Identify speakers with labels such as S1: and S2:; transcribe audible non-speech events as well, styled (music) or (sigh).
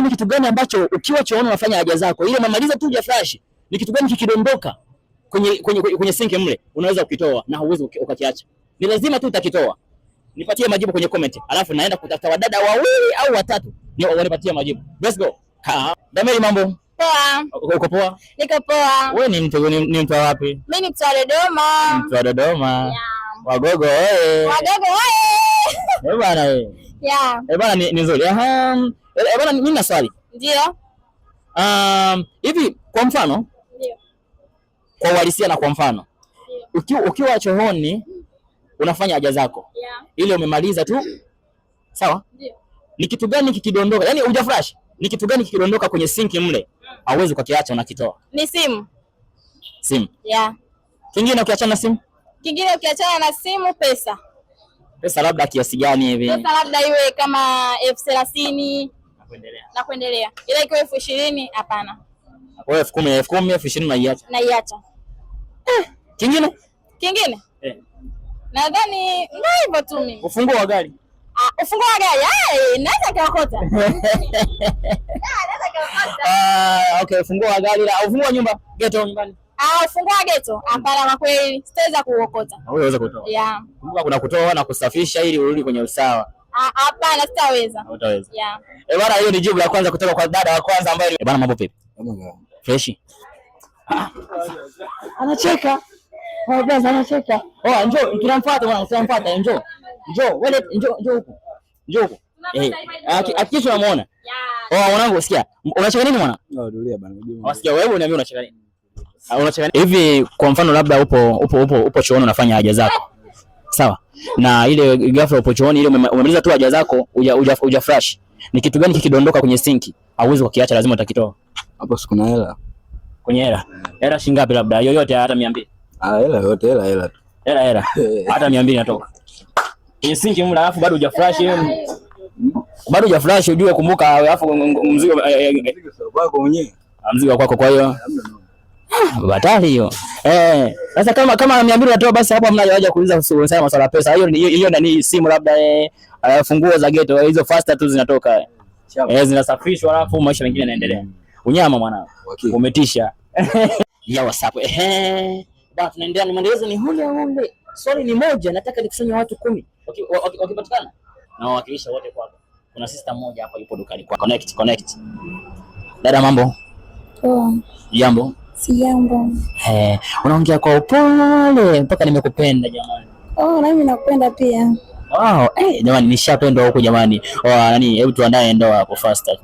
S1: hivi ni kitu gani ambacho ukiwa chooni unafanya haja zako, ile mamaliza tu ya flash, ni kitu gani kikidondoka kwenye kwenye kwenye sinki mle, unaweza ukitoa na huwezi ukakiacha, ni lazima tu utakitoa. Nipatie majibu kwenye comment, alafu naenda kutafuta wadada wawili au watatu ni wanipatie majibu. Let's go. Dameli, mambo poa? Uko poa?
S2: Niko poa.
S1: Wewe ni mtu ni, ni mtu wapi?
S2: Mimi ni mtu wa Dodoma.
S1: Mtu wa Dodoma. Yeah. Wagogo wewe.
S2: Wagogo wewe.
S1: Wewe bana wewe. Yeah. Eh, bana ni, ni nzuri. Aha. Eh, eh, bwana mimi na swali. Ndio. Um, hivi kwa mfano? Ndio. Kwa uhalisia na kwa mfano. Ukiwa ukiwa chooni unafanya haja zako. Yeah. Ile umemaliza tu. Sawa? Ndio. Ni kitu gani kikidondoka? Yaani hujaflash. Ni kitu gani kikidondoka kwenye sinki mle? Mm. Hauwezi ukakiacha unakitoa. Ni simu. Simu. Yeah. Kingine ukiachana na simu?
S2: Kingine ukiachana na simu pesa.
S1: Pesa labda kiasi gani hivi?
S2: Pesa labda iwe kama elfu thelathini kuendelea na kuendelea, ila ikiwa elfu ishirini hapana.
S1: Wewe elfu kumi elfu kumi elfu ishirini naiacha naiacha. Eh, kingine kingine eh,
S2: nadhani ndio hivyo tu. Mimi
S1: ufunguo wa gari
S2: ah, ufunguo wa gari eh, naweza kaokota (laughs)
S1: ah, ah, okay, ufunguo wa gari la ufunguo wa nyumba geto nyumbani
S2: Ah, fungua geto. Hapana, kwa kweli sitaweza kuokota. Wewe unaweza kutoa. Yeah.
S1: kuna kutoa na kusafisha ili urudi kwenye usawa.
S2: Ah, hapana, sitaweza. Hutaweza. Yeah.
S1: Eh, bwana hiyo ni jibu la kwanza kutoka kwa dada wa kwanza ambaye eh, bwana mambo vipi? Fresh. Ah.
S2: Anacheka. Oh, bwana anacheka.
S1: Oh, njoo, tunamfuata bwana, tunamfuata, njoo. Njoo, wewe njoo, njoo huko. Njoo huko. Eh, hakikisha unamuona. Yeah. Oh, mwanangu usikia. Unacheka nini mwana? Oh, dulia bwana. Unasikia ah, wewe unaniambia unacheka nini? Ah, unacheka Hivi kwa mfano labda upo upo upo upo chooni unafanya haja zako. (laughs) Sawa? na ile ghafla upo chooni ile umemaliza tu haja zako uja, uja, uja flash, ni kitu gani kikidondoka kwenye sinki hauwezi kukiacha, lazima utakitoa.
S3: Hapo si kuna hela
S1: kwenye hela? Hela shilingi ngapi Labda yoyote, hata 200.
S3: Ah, hela yote, hela hela tu,
S1: hela hela, (laughs) hata 200 inatoka kwenye sinki mla, alafu bado uja flash bado uja flash, ujue kumbuka, alafu mzigo mzigo
S3: wako mwenyewe,
S1: ah, mzigo wako. Kwa hiyo Batali hiyo. Eh, sasa kama kama 200 natoa basi hapo hamna haja kuuliza sana masuala ya pesa. Hiyo hiyo nani simu labda eh, eh funguo za ghetto eh, hizo faster tu zinatoka. Eh, zinasafishwa alafu maisha mengine yanaendelea. Unyama mwanangu. Umetisha. (laughs) Ya WhatsApp. Eh. Bwana tunaendelea ni maendeleo ni hule hule. Swali ni moja, nataka nikusanye watu kumi. Wakipatikana? Na wawakilisha wote kwako. Kuna sister moja hapa yupo dukani kwa Connect, connect. Dada mambo? Poa. Oh. Jambo. Si Eh, unaongea kwa upole mpaka nimekupenda jamani.
S2: Oh, nami nakupenda pia.
S1: Wow, eh, jamani nishapendwa huku jamani. Oh, nani, hebu tuandae ndoa hapo faster.